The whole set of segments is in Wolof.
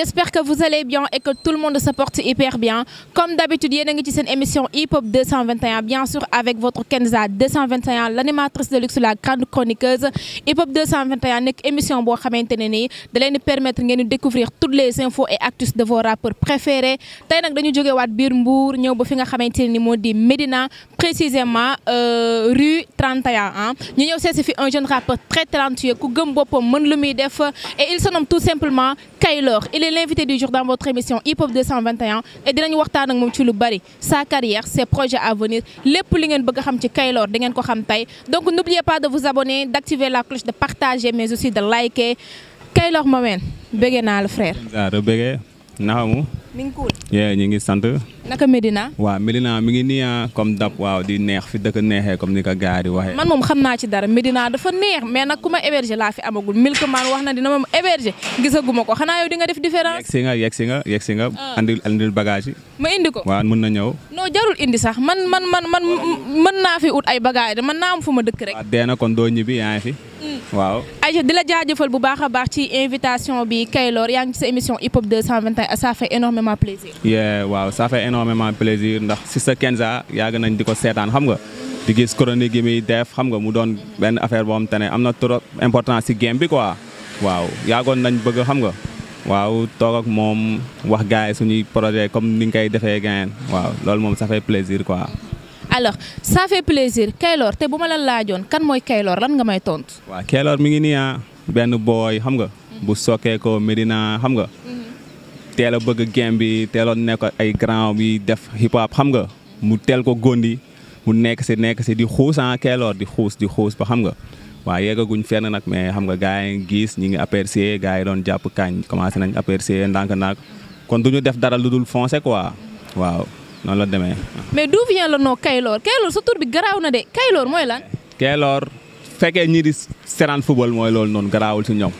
j'espère que vous allez bien et que tout le monde se porte hyper bien comme d'habitude yéen a ngi ci seen émission hip hop bien sûr avec votre Kenza l'animatrice de luxe la grande chroniqueuse hip hop nekk émission boo xamante ne nii permettre ngeen di découvrir toutes les infos et actus de vos rappeurs préférés tey nag dañu jógee waat biir ñëw ba fi nga xamante Médina précisément euh, rue 31 ah ñu ñëw seesi fi un jeune rappeur Kaylor il est l'invité du jour dans votre émission Hip Hop et dinañu waxtaan ak moom ci lu bari sa carrière ses projets à venir lépp li ngeen bëgg a xam ci Kaylor da ko xam tey donc n'oubliez pas de vous abonner d'activer la cloche de partager mais aussi de liker Kaylor Mamène bëggee naa la frère. mi ngi cool. ñu ngi sant. naka Medina. waaw Medina mi ngi nii ah, comme dab waaw di neex fi dëkk neexee comme ni ko gars yi waxee. man moom xam naa ci ma ma héberger ma indi ko waaw mën na ñëw. non jarul indi sax man man man man mën naa fi ut ay bagage man naa am fu ma dëkk rek. waaw dee na kon doo ñibbi yaa fi. Mm. di la jaajëfal bu baax a baax ci invitation bi Kaylor yaa ngi ci sa émission hip hop 221 ça fait énormément énormément plaisir. yeah waaw ça fait plaisir ndax Sister Kenza yàgg nañ di ko seetaan xam nga di gis chronique yi muy def xam nga mu doon benn affaire boo xam te ne am na trop importance si game bi quoi waaw yàggoon nañ bëgg xam nga waaw toog ak moom wax gars yi suñuy projet comme ni nga koy defee gain waaw loolu moom ça fait plaisir quoi. alors ça plaisir Kaylor te bu ma la laajoon kan mooy Kaylor lan nga may tontu. waaw Kaylor mi ngi nii ah. benn booy xam nga. bu sokkee ko Medina xam nga. teel a bëgg game bi teeloon nekk ay grand bi def hip xam nga mu teel ko gondi mu nekk si nekk si di xuus ah keeloor di xuus di xuus ba xam nga waaw yeggaguñ fenn nag mais xam nga gars yi gis ñi ngi apprécier gars yi doon jàpp kañ commencé nañ apprécier ndànk-ndànk kon du ñu def dara lu dul foncé quoi waaw noonu la demee. mais d'où vient le nom Kaylor Kaylor sa tur bi garaaw na de Kaylor mooy lan. Kaylor fekkee ñi di seraan football mooy loolu noonu garaawul si ñoom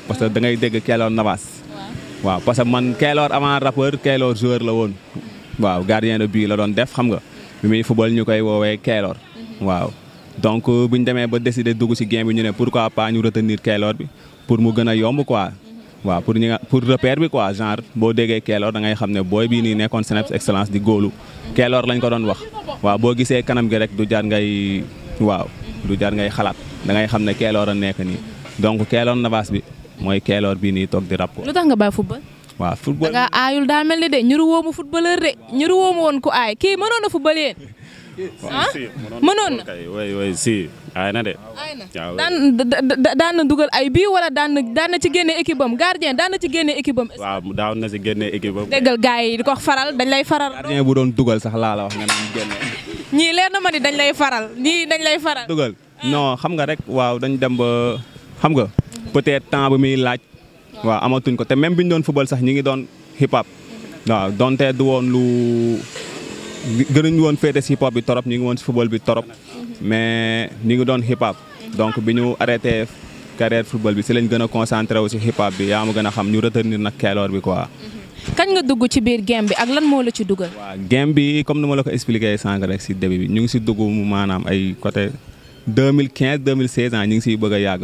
waaw parce que man Keylor avant rappeur Keylor joueur la woon waaw gardien de bii la doon def xam nga bi muy football ñu koy woowee Keylor mhm. waaw donc euh, bu ñu demee ba décider dugg ci game bi ñu ne pour pourquoi pas ñu niir Keylor bi pour mu gën a yomb quoi mhm. waaw pour ñu pour repère bi quoi genre boo déggee Keylor da ngay xam ne booy bii nii nekkoon Cneps excellence di góolu mhm. Keylor lañu ko doon wax waaw boo gisee kanam gi rek du jaar ngay waaw du jar ngay xalaat da ngay xam ne Keylor a nekk nii donc Keylor Navas bi mooy keeloor bii nii toog di rap ko. lu tax nga ba football. waaw football da daa mel ni de ñuru woomu footballeur de ñuru woomu woon ku aay kii mënoon na football yéen. ah mënoon na way na daan na dugal ay bii wala daan na daan ci génne équipe am gardien daan na ci génne équipe am. waaw daaw na ci génne équipe yi di ko faral dañ lay faral. gardien bu doon dugal sax laala wax nga naan génne. ñii leer na ma dañ lay faral ñii dañ lay faral. dugal non xam nga rek waaw dañ dem ba xam nga. peut-être temps bi muy laaj waaw amatuñ ko te même bi ñu doon football sax ñi ngi doon hip hop waaw donte du woon lu gënuñ woon féete si hip hop bi torop ñi ngi woon si football bi torop mhm. mais ñi ngi doon hip hop donc bi ñu arrêté carrière football bi si lañ gën a concentré wu si hip hop bi yaa ma gën a xam ñu retenir nag keeloor bi quoi. Mhm. kañ nga dugg ci biir game ak lan moo la ci dugal. waaw game bi comme ni ma la ko expliqué sànq rek si début bi ñu ngi si dugg mu maanaam ay côté 2015 2016 ans ñu ngi siy bëgg a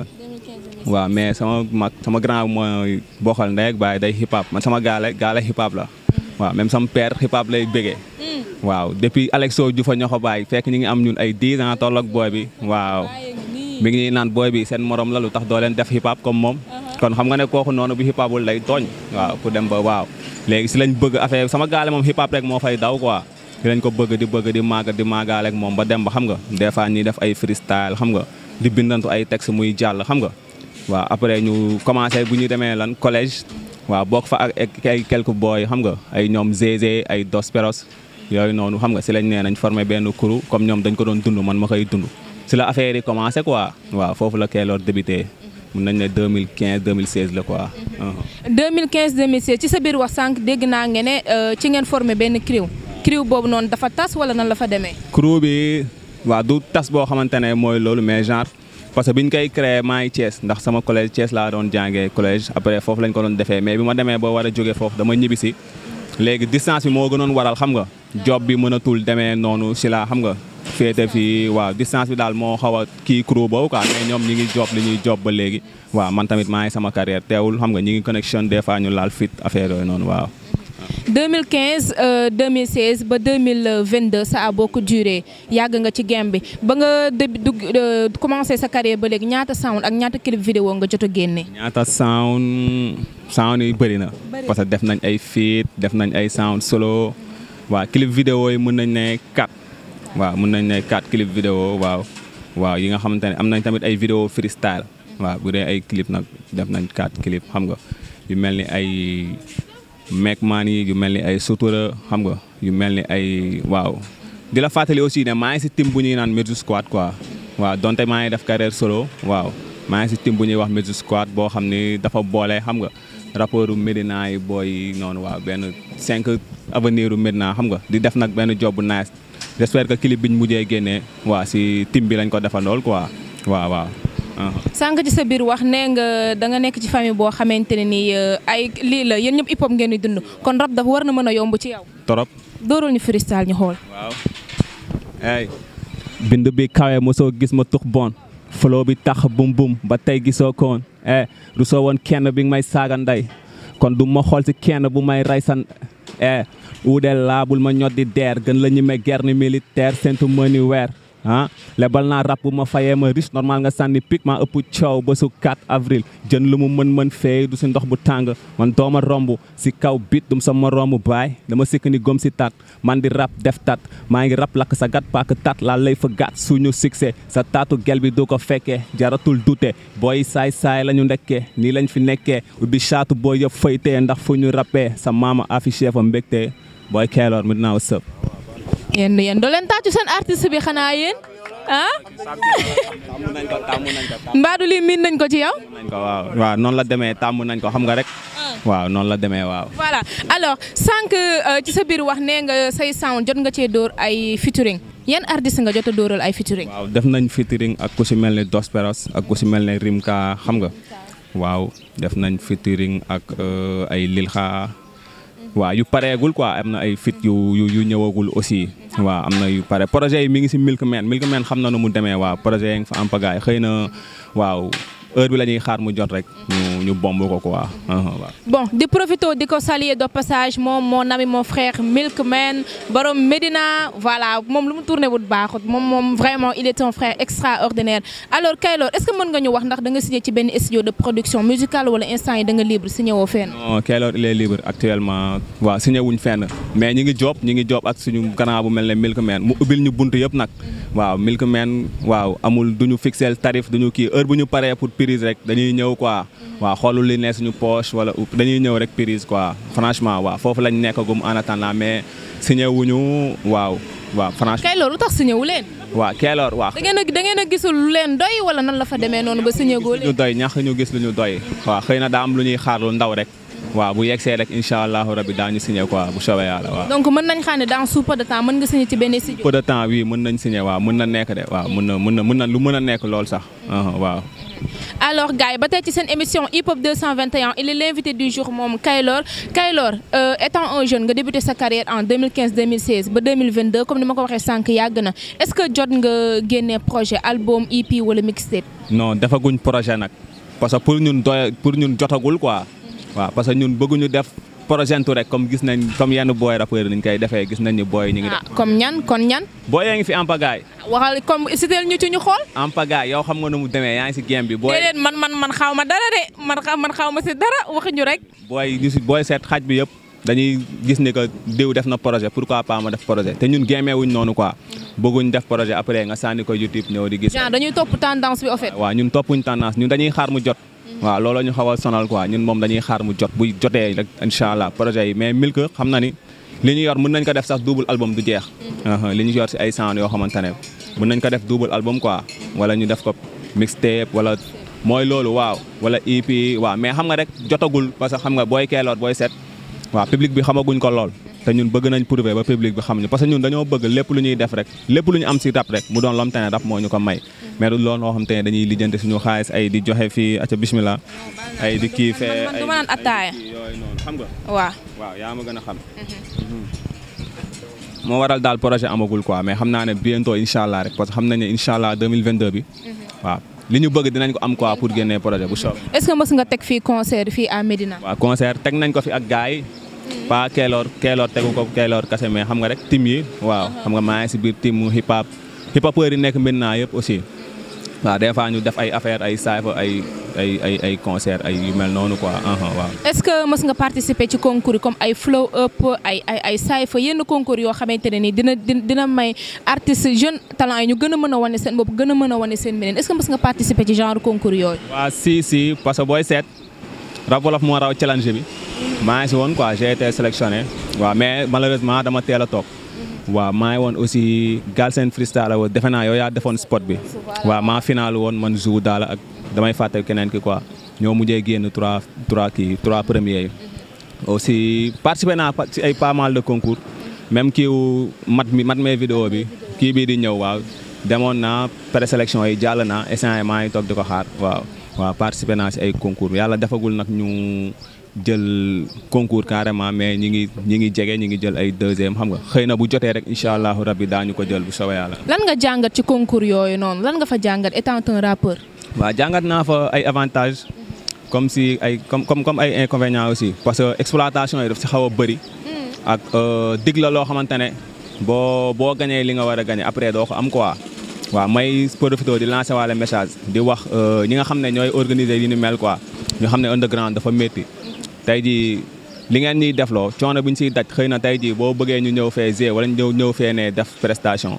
waaw mais sama mag sama grand mooy bokkal ndey ak baay day hip hop man sama gaale gaale hip hop la. Mm-hmm. waaw même sama père hip lay bëggee. Mm. waaw depuis Alexo Diouf ñoo ko bàyyi fekk ñu ngi am ñun ay 10 ans toll ak booy bi waaw. mi ngi naan booy bi seen morom la lu tax doo leen def hip hop comme moom. Uh-huh. kon xam nga ne kooku noonu bu hip hopul lay tooñ. waaw pour dem waaw léegi si lañ bëgg affaire sama gaale moom hip hop rek moo fay daw quoi. di lañ ko bëgg di bëgg di màgg di màggaale moom ba dem xam nga des fois ñuy def ay freestyle xam nga di bindantu ay texte muy jàll xam nga. waaw après ñu commencé bu ñu demee lan collège waaw bokk fa ak ay quelques boy xam nga ay ñoom Zézé ay Dos Peros yooyu noonu xam nga si lañ nee nañ formé benn crew comme ñoom dañ ko doon dund man ma koy dund la affaire yi commencé quoi waaw foofu la Kelor débuté mun nañ ne 2015 2016 la quoi. 2015 uh-huh. 2016 ci sa biir wax sànq dégg naa ngeen ne euh, ci ngeen formé benn crew crew boobu noonu dafa tas wala nan la fa demee. crew bi waa du tas boo xamante ne mooy loolu mais genre. parce que bi ñu koy créé maa ngi Thiès ndax sama collège Thiès laa doon jàngee collège après foofu lañ ko doon defee mais bi ma demee ba war a jógee foofu dama ñibbi si léegi distance bi moo gënoon waral xam nga job bi mënatul demee noonu si laa xam nga féete fii waaw distance bi daal moo xaw a kii crew boobu quoi mais ñoom ñu ngi job li ñuy job ba léegi waaw man tamit maa sama carrière teewul xam nga ñu ngi connexion des fois ñu laal fit affaire yooyu noonu waaw 2015 2016 euh, ba 2022 ça a beaucoup duré yàgg nga ci game bi ba nga dugg euh, commencé sa carrière ba léegi ñaata sound ak ñaata clip vidéo nga jot a génne. ñaata sound sound yi bëri na. parce que def nañ ay feat def nañ ay sound solo waa clip vidéo yi mën nañ ne 4 waaw mën nañ ne 4 clip vidéo waaw waaw yi nga xamante ne am nañ tamit ay vidéo freestyle waaw bu dee ay clip nag def nañ 4 clip xam nga yu mel ni ay. meeg maan yi yu mel ni ay sutura xam nga yu mel ni ay waaw di la fàttali aussi ne maa ngi si team bu ñuy naan Medju Squad quoi waaw donte maa ngi def carrière solo waaw maa ngi si team bu ñuy wax Medju Squad boo xam ni dafa boolee xam nga rapport u Medina yi booy yi noonu waaw benn cinq avenir u xam nga di def nag benn job bu nice j'espère kili clip ñu mujjee génnee waa si team bi lañ ko defandool quoi waaw waaw sànq ci sa biir wax nee nga danga nekk ci famille boo xamante ne nii euh, ay lii la yenn ñëpp hip hop ngeen di dund kon rap dafa war na mën a yomb ci yow. torop dóorul ñu freestyle ñu xool. waaw. bind bi kawe mosoo gis ma tux bon flow bi tax bum bum ba tey gisoo kon eh du soo woon kenn bi may saaga nday kon du ma xool si kenn bu may rey san eh. uudeel laabul ma ñod di deer gën la ñi me guerre ni militaire seentu weer ah lebal naa rap bu ma fayee ma riche normal nga sànni pic maa ëpp coow ba su 4 avril jën lu mu mën-mën fee du si ndox bu tàng man dooma romb si kaw bit dum sa ma romb baay dama sikk ni gom si tat man di rap def tat maa ngi rap lakk sa gat paak tat laa lay fa gat suñu succès sa taatu gel bi du ko fekkee jaratul dute booy saay-saay lañu ndekkee nii lañu fi nekkee ubbi saatu boo yëpp faytee ndax fu ñu rappee sa maama affiché fa mbégte booy keeloor mi dinaa wa yéen yéen doo leen tàccu seen artiste bi xanaa yéen ah. mbaadu lii miin nañ ko ci yow. waaw waaw noonu la demee tàmm nañ ko xam nga rek. Ah. waaw noonu la demee waaw. voilà alors sànq euh, ci sa biir wax nee nga say sound jot nga cee dóor ay featuring yan artiste nga jot a dóoral ay featuring. waaw def nañ featuring ak ku si mel ne Dos Peros ak ku si mel ne Rimka xam nga. waaw def nañ featuring ak euh, ay Lilxa. waaw yu pareegul quoi am na ay fit yu yu ñëwagul aussi waa am na yu pare projet yi mi ngi si Milkman Milkman xam na nu mu demee waa projet yi nga fa am pagaay xëy na waaw heure bi la ñuy xaar mu jot rek ñu ñu bomb ko quoi bon di profito di ko saluer de passage moom mon ami mon frère Milkman borom Medina voilà moom lu mu tourné baaxut moom moom vraiment il est un frère extraordinaire alors Kaylor est-ce que mën nga ñu wax ndax da nga signé ci benn studio de production musicale wala instant yi da libre signé woo Kaylor il libre actuellement waaw signé wuñ mais ñi ngi job ñi ngi job ak suñu grand bu mel ne Milkman mu ubbil ñu bunt yëpp nag waaw Milkman waaw amul prise rek dañuy ñëw quoi mm-hmm. waaw xoolul li ne suñu poche wala dañuy ñëw rek prise quoi franchement waaw foofu lañ nekkagum en attendant mais signé wuñu waaw waaw franchement. Keylor lu tax signé wu leen. waaw Keylor waaw. da ngeen a da ngeen a gisul lu leen doy wala nan la fa demee noonu ba signé góole. ñu doy ñax ñu gis lu ñu doy. Mm-hmm. waaw xëy na daa am lu ñuy xaar lu ndaw rek. waaw bu yegsee rek incha allahu rabi daañu signé quoi bu soobee yàlla waaw. donc mën nañ xam ne dans sous a de temps mën nga signé ci benn studio. peu de temps oui mën nañ signé waaw mën na nekk de waaw na mën na mën lu mën a nekk lool sax uh-huh, alors gars yi ba tey ci seen émission hip hop 221 il est l'invité du jour moom Kaylor Kaylor euh, étant un jeune nga débuté sa carrière en 2015 2016 ba 2022 comme ni ma ko waxee sànq yàgg na est-ce que jot nga génne projet album EP wala mixtape. non dafaguñ projet nag parce que pour ñun doy pour ñun jotagul quoi. waaw parce que ñun bëgguñu def projentu rek comme gis nañ comme yenn booy rappeur niñ koy defee gis nañ ni booy ñu ngi def ah, comme ñan kon ñan booy yaa ngi fi en pagaille waxal comme siteel ñu ci ñu xool en pagaille xam nga nu mu demee yaa ngi si game bi booy man man man xaw ma dara de man man xaw ma si dara waxuñu rek booy ñu si booy seet xaj bi yëpp dañuy gis ni que diw def na projet pourquoi pas ma def projet te ñun gémee wuñ noonu quoi bëgguñ def projet après nga sànni ko YouTube ñëw di gis dañuy topp tendance bi en fait waaw ñun toppuñ tendance ñun dañuy xaar mu jot waaw loolu ñu xaw a sonal quoi ñun moom dañuy xaar mu jot bu jotee rek incha allah projet yi mais Milk xam na ni li ñu yor mën nañ ko def sax double album du jeex. Uh-huh. li ñu yor si ay sound yoo xamante ne mën nañ ko def double album quoi wala ñu def ko mixtape wala mooy loolu waaw wala EP waaw mais xam nga rek jotagul parce que xam nga booy keeloot booy set waaw public bi xamaguñ ko lool. te ñun bëgg nañ prouver ba public bi xam ñu parce que ñun dañoo bëgg lépp lu ñuy def rek lépp lu ñu am si rap rek mu doon lom te ne moo ñu ko may mais du loolu noo xam te ne dañuy lijjante suñu xaalis ay di joxe fii ay di kii ay nga waaw waaw yaa ma gën a xam mhm. Mhm. moo waral daal projet amagul quoi mais xam naa ne bientôt incha allah rek parce que xam nañ ne incha allah 2022 bi mhm. waaw li ñu bëgg dinañ ko am quoi pour génnee projet bu soob est-ce que mës nga teg nañ ko fi ak gars pas keeloor keeloor tegu ko keeloor kase mais xam nga rek team yi waaw uh-huh. xam nga maa ngi si biir teamu hip hop hip hopeur yi nekk Médina yëpp aussi waaw des ñu def ay affaire ay saafa ay ay ay ay concert ay yu mel noonu quoi uh-huh, waaw. est-ce que mës nga participer ci concours yi comme ay flow up ay ay ay yenn concours yoo xamante ne nii dina dina may artiste jeune talent yi ñu gën a mën a wane seen bopp gën a mën seen beneen est-ce que mës nga participer ci genre concours yooyu. waaw si si parce que booy seet. rap wolof moo raw challenge bi maa ngi si woon quoi j'ai été sélectionné waaw mais malheureusement dama teel a toog waaw maa ngi woon aussi Galsen freestyle la woon defe naa yow yaa defoon spot bi waaw maa final woon man jour daal ak damay fàtte keneen ki quoi ñoo mujjee génn trois trois kii trois premiers yi aussi participé naa si ay pas mal de concours même kii mat mi mat mee vidéo bi kii bii di ñëw waaw demoon naa présélection yi jàll naa instant maa ngi toog di ko xaar waaw waaw participé naa si ay concours yàlla defagul nag ñu jël concours carrément mais ñu ngi ñi ngi jege ñu ngi jël ay deuxième xam nga xëy na bu jotee rek incha allahu rabbi daañu ko jël bu soobee yàlla. lan nga jàngat ci concours yooyu noonu lan nga fa jàngat étant un rappeur. jàngat naa fa ay avantages comme si ay comme ay inconvénients aussi parce que exploitation yi daf si xaw a bëri. Hmm. ak euh, dig la loo xamante ne boo boo gañee li nga war a gañee après doo ko am quoi. waaw may profité di lancer waale message di wax euh, ñi nga xam ne ñooy organiser yi ni mel quoi ñu xam ne grand dafa métti tey jii li ngeen ñuy defloo coono bi ñu siy daj xëy na tey jii boo bëggee ñu ñëw fee g wala ñu ñëw fee ne def prestation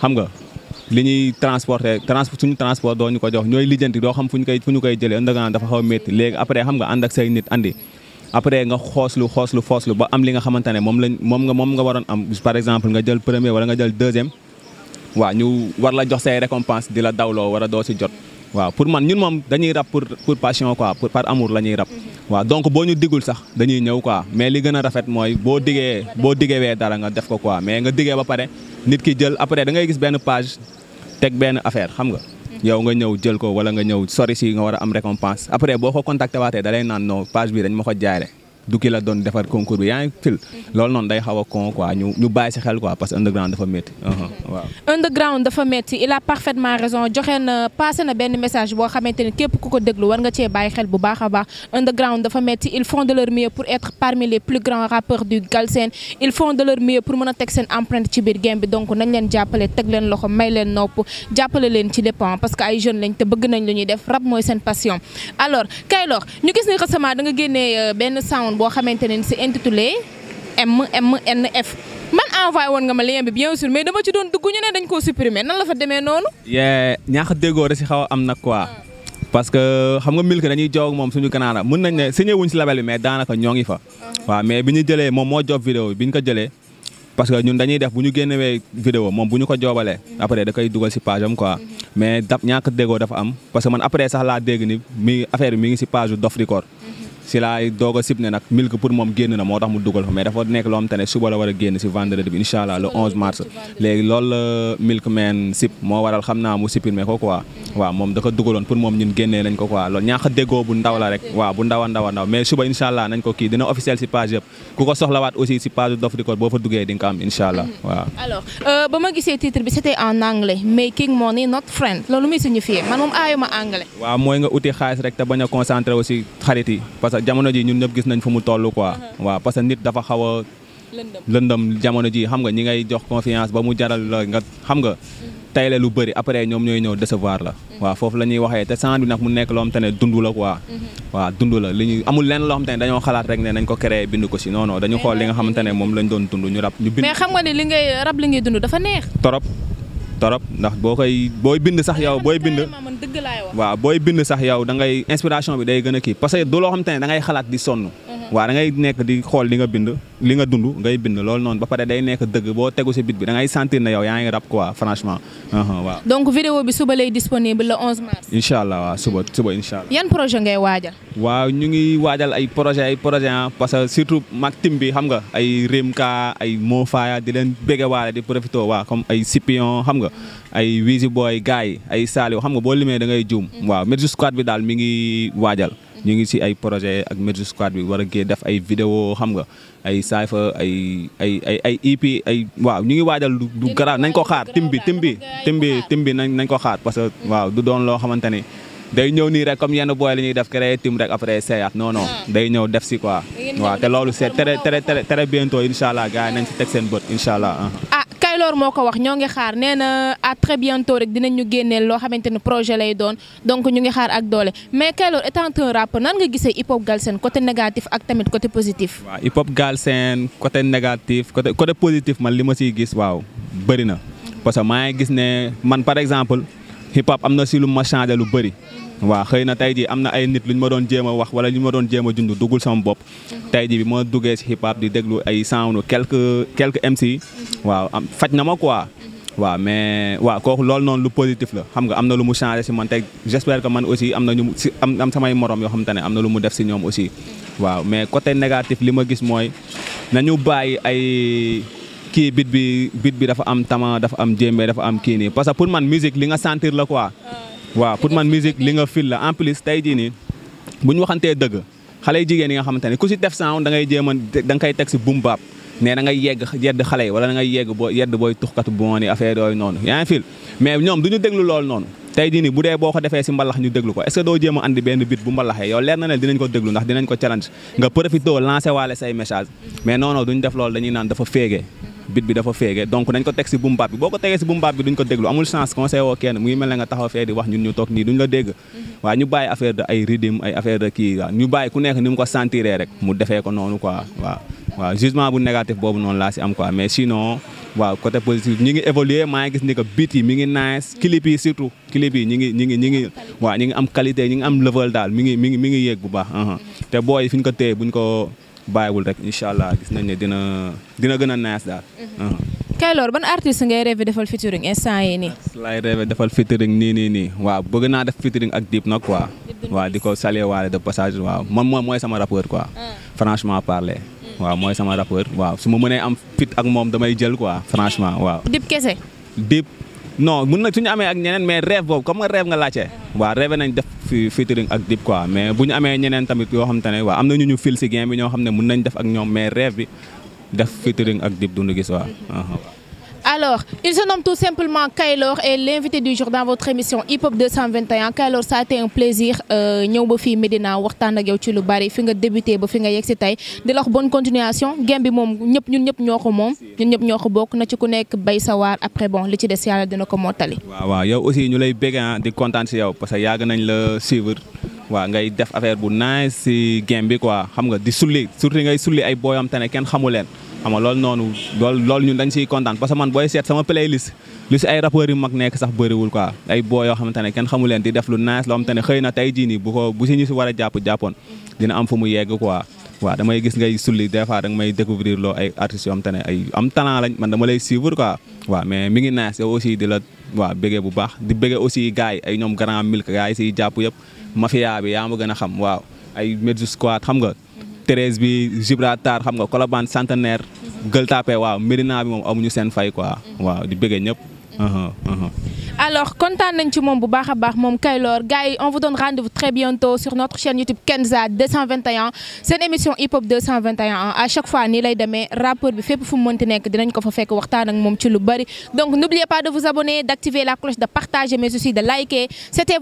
xam nga li ñuy transporter suñu transport doo ñu ko jox ñooy lijjanti doo xam fu ñu koy fu ñu koy jëlee underground dafa xaw a métti après xam nga ànd ak say nit andi après nga xooslu xooslu xooslu ba am li nga xamante ne moom lañ moom nga moom nga waroon am par exemple nga jël wala nga jël deuxième waaw ñu war la jox say récompense di la dawloo war a doo si jot waa pour man ñun moom dañuy rap pour pour passion quoi par amour la ñuy rap mhm. waaw donc boo ñu digul sax dañuy ñëw quoi mais li gën a rafet mooy boo diggee boo digewee dara nga def ko quoi mais nga diggee ba pare nit ki jël après da ngay gis benn page teg benn affaire xam nga mhm. yow nga ñëw jël ko wala nga ñëw sori si nga war a am récompense après boo ko contacté waatee da lay naan non page bi dañ ma ko jaayre du ki la doon defar concours bi yaa ngi fil mhm. loolu noonu day xaw a con ñu bàyyi si xel quoi parce que underground dafa métti mhm. uh-huh. underground dafa métti il a parfaitement raison joxe na passé na benn message boo xamante ni képp ku ko déglu war nga cee bàyyi xel bu baax a baax underground dafa métti ils font de leur mieux pour être parmi les plus grands rappeurs du Galsen ils font de leur mieux pour mën a teg seen empreinte ci biir game bi donc nañ boo xamante ne c'est intitulé MMNF man envoyé woon nga ma lien bi bien sûr mais dama ci doon dugg ñu ne dañ koo supprimer nan la fa demee noonu. yee ñaax déggoo da si xaw a am nag quoi. Hmm. parce que xam nga Milk dañuy jow ak moom suñu ganaara mën nañ ne signé wuñ si label bi mais daanaka ñoo ngi fa. Hmm. waa mais bi ñu jëlee moom moo job vidéo bi ñu ko jëlee. parce que ñun dañuy def bu ñu génnewee vidéo moom bu ñu ko joobalee hmm. après da koy dugal si page am quoi mais dab ñàkk déggoo dafa am parce que man après sax laa dégg ni mi affaire mi ngi si page Dof Record si laay doog a ne nag milk pour moom génn na moo tax mu dugal fa mais dafa nekk loo suba la war a génn si vendredi bi incha le mars léegi loolu milk man sib moo waral xam naa mu supprimer ko quoi waaw moom da dugaloon pour moom ñun génnee nañ ko quoi loolu ñaax a bu ndaw la rek waaw bu ndaw a ndaw mais suba incha nañ ko kii dina officiel si page yëpp ku ko soxlawaat aussi si page Dof Record boo fa duggee di ko am que jamono ji ñun ñëpp gis nañ fu mu toll quoi mm-hmm. waaw parce que nit dafa xaw a lëndëm jamono ji xam nga ñi ngay jox confiance ba mu jaral la nga xam nga mm-hmm. tey la lu bari après ñoom ñooy ñëw décevoir la mm-hmm. waaw foofu la ñuy waxee te sant bi nag mu nekk loo xam te ne dund la quoi waaw dund la li ñuy amul lenn loo ne dañoo xalaat rek ne nañ ko créé bind ko si noonu dañu xool li nga xamante ne moom lañ doon dund ñu rab ñu bind mais xam nga ni li ngay rab li ngay dund dafa neex torop ndax boo koy booy bind sax yow booy bind waaw booy bind sax yow da ngay inspiration bi day gën a kii parce que du loo da ngay xalaat di sonn waa da nekk di xool li nga bind li nga dund ngay bind lool noonu ba pare day nekk dëgg boo tegu si bit bi da ngay sentir ne yow yaa ngi rap quoi franchement uh-huh, waaw. donc vidéo bi suba lay disponible le 11 mars. incha allah waaw suba suba incha allah. yan projet ngay waajal. waaw ñu ngi waajal ay projet ay projet ah parce que surtout mag tim bi xam nga ay réem ka ay Mofaya di leen bége waale di profité waa comme ay Sipion xam nga ay Wizzy bo gars yi ay Saliou xam nga boo limee da ngay juum. Mm. waaw Metsu Squad bi daal mi ngi waajal. ñu ngi si ay projet ak Metro Squad bi war a gee def ay vidéo xam nga ay saafa ay ay ay ay EP ay waaw ñu ngi waajal du garaaw nañ ko xaar tim bi tim bi tim bi tim bi nañ nañ ko xaar parce que mm. waaw du doon loo xamante ni day ñëw nii rek comme yenn booy la ñuy def créer tim rek après seeyaat noono mm. day ñëw def si quoi waaw te loolu c'est très très très très bientôt incha allah gars yi nañ si teg seen bët incha allah ah. Taylor moo ko wax ñoo ngi xaar nee na à très bientôt rek dinañ ñu génneel loo xamante ni projet lay doon donc ñu ngi xaar ak doole mais Taylor étant un rappeur nan nga gisee hip hop Galsen côté négatif ak tamit côté positif. waaw hip hop Galsen côté négatif côté côté positif man li ma si gis waaw bëri na parce que maa ngi gis ne man par exemple hip hop am na si lu ma changé lu bëri. waaw xëy na tey ji am na ay nit lu ñu ma doon jéem a wax wala lu ñu ma doon jéem a jund duggul sama bopp mhm. tey jii bi moo duggee si hip hop di déglu ay sound quelque quelque MC mhm. waaw am faj na ma quoi mhm. waaw mais waa kooku loolu noonu lu positif la xam nga am na lu mu changé si man teg j'espère que man aussi am na ñu si am samay morom yoo xam ne am na lu mu def si ñoom aussi waaw mais côté négatif li ma gis mooy na ñu bàyyi ay kii bit bi bit bi dafa am tama dafa am jéembe dafa am kii nii parce que pour man musique li nga sentir la quoi waaw pour man musique li nga fil la en plus tey jii nii bu ñu waxantee dëgg xale jigéen yi nga xamante ne ku si def sound da ngay jéem a da teg si boom bap ne na ngay yegg yedd xale yi wala da nga yegg boo yedd booy tuxkatu bu moon yi affaire yooyu noonu yaa ngi fil mais ñoom du ñu déglu loolu noonu tey jii bu dee boo ko defee si mbalax ñu déglu ko est ce que doo jéem a andi benn bit bu mbalaxee yow leer na ne dinañ ko déglu ndax dinañ ko challenge nga profité waale say message mais non non duñu def loolu dañuy dafa féegee bit bi dafa féege donc nañ ko teg si bumbaab bi boo ko tegee si bumbaab bi duñ ko déglu amul chance conseil woo kenn mu ngi mel ne wax ñu toog nii duñ la dégg mm-hmm. waaw ñu bàyyi affaire de ay rythme ay affaire de kii waaw ñu ku nekk ni mu ko sentiree rek mu defee ko noonu quoi waaw waaw bu négatif boobu noonu laa am quoi mais sinon waaw côté positif ñi ngi évoluer gis ni que beat yi nice clip yi surtout clip yi ñi ngi am qualité ñi bàyyiwul rek incha allah gis nañ ne dina dina gën a nice daal. Mhm. Uh-huh. Kaylor ban artiste ngay rêvé defal featuring instant yi nii. laay rêvé defal featuring nii nii nii waaw bëgg naa def featuring ak Dip nag quoi. waaw di ko salué waale de passage waaw moom moom mooy sama rapport quoi. Ah. franchement parler. Mm. waaw mooy sama rappeur waaw su ma mënee am fit ak moom damay jël quoi franchement waaw. Dip kese. non mun na suñu amee ak ñeneen mais rêve boobu comme nga rêve nga laajte waaw rêve nañ def fi featuring ak Dip quoi mais bu ñu amee ñeneen tamit yoo xam te ne waaw am na ñu ñu fil si gain bi ñoo xam ne mun nañ def ak ñoom mais rêve bi def featuring ak du Doundou Guiss waaw uh-huh. Alors, il se nomme tout simplement Kaylor et l'invité du jour dans votre émission Hip Hop 221 Kaylor ça a été un plaisir euh, ñëw ba fii Medina waxtaan ak yow ci lu bari fi nga débuté ba fi nga yegg si tey di la wax bonne continuation game bi moom ñëpp ñun ñëpp ñoo ko moom ñun ñëpp ñoo ko bokk na ci ku nekk bay sa waar après bon li ci des yàlla dina ko mottali. waaw waaw yow aussi ñu lay bëgg ah, di kontaan si yow parce que yàgg nañ la suivre. waaw ngay def affaire bu nice si game bi quoi xam nga di sulli surtout ngay sulli ay booyam te ne xamu leen xam nga loolu noonu lool loolu ñun dañ siy kontaan parce que man booy seet sama playlist lu si ay rappeurs yu mag nekk sax bëriwul quoi ay boo yoo xamante ne kenn xamu leen di def lu nice loo xamante ne xëy na tey jii nii bu ko bu si ñu si war a jàpp jàppoon dina am fu mu yegg quoi waaw damay gis ngay sulli des fois danga may découvrir loo ay artistes yoo xamante man dama lay mais mi ngi nice yow aussi di la waaw bëggee bu baax di bëggee aussi gars yi ay ñoom grand milk gars yi siy jàpp yëpp mafia bi yaa ma gën a xam waaw ay Medju squad xam nga Thérèse bi Gibraltar xam nga Colobane Centenaire. Gueule Tapée waaw Médina bi moom amuñu seen fay quoi. di bëggee ñëpp. alors kontaan nañ ci moom bu baax a baax moom Kaylor gars yi on vous donne rendez-vous très bientôt sur notre chaîne YouTube seen émission hip hop 221 chaque fois nii lay demee rappeur bi fépp fu mu nekk dinañ ko fa fekk waxtaan ak moom ci lu bari donc n'oubliez pas de vous abonner d'activer la cloche de partager mais aussi de liker c'était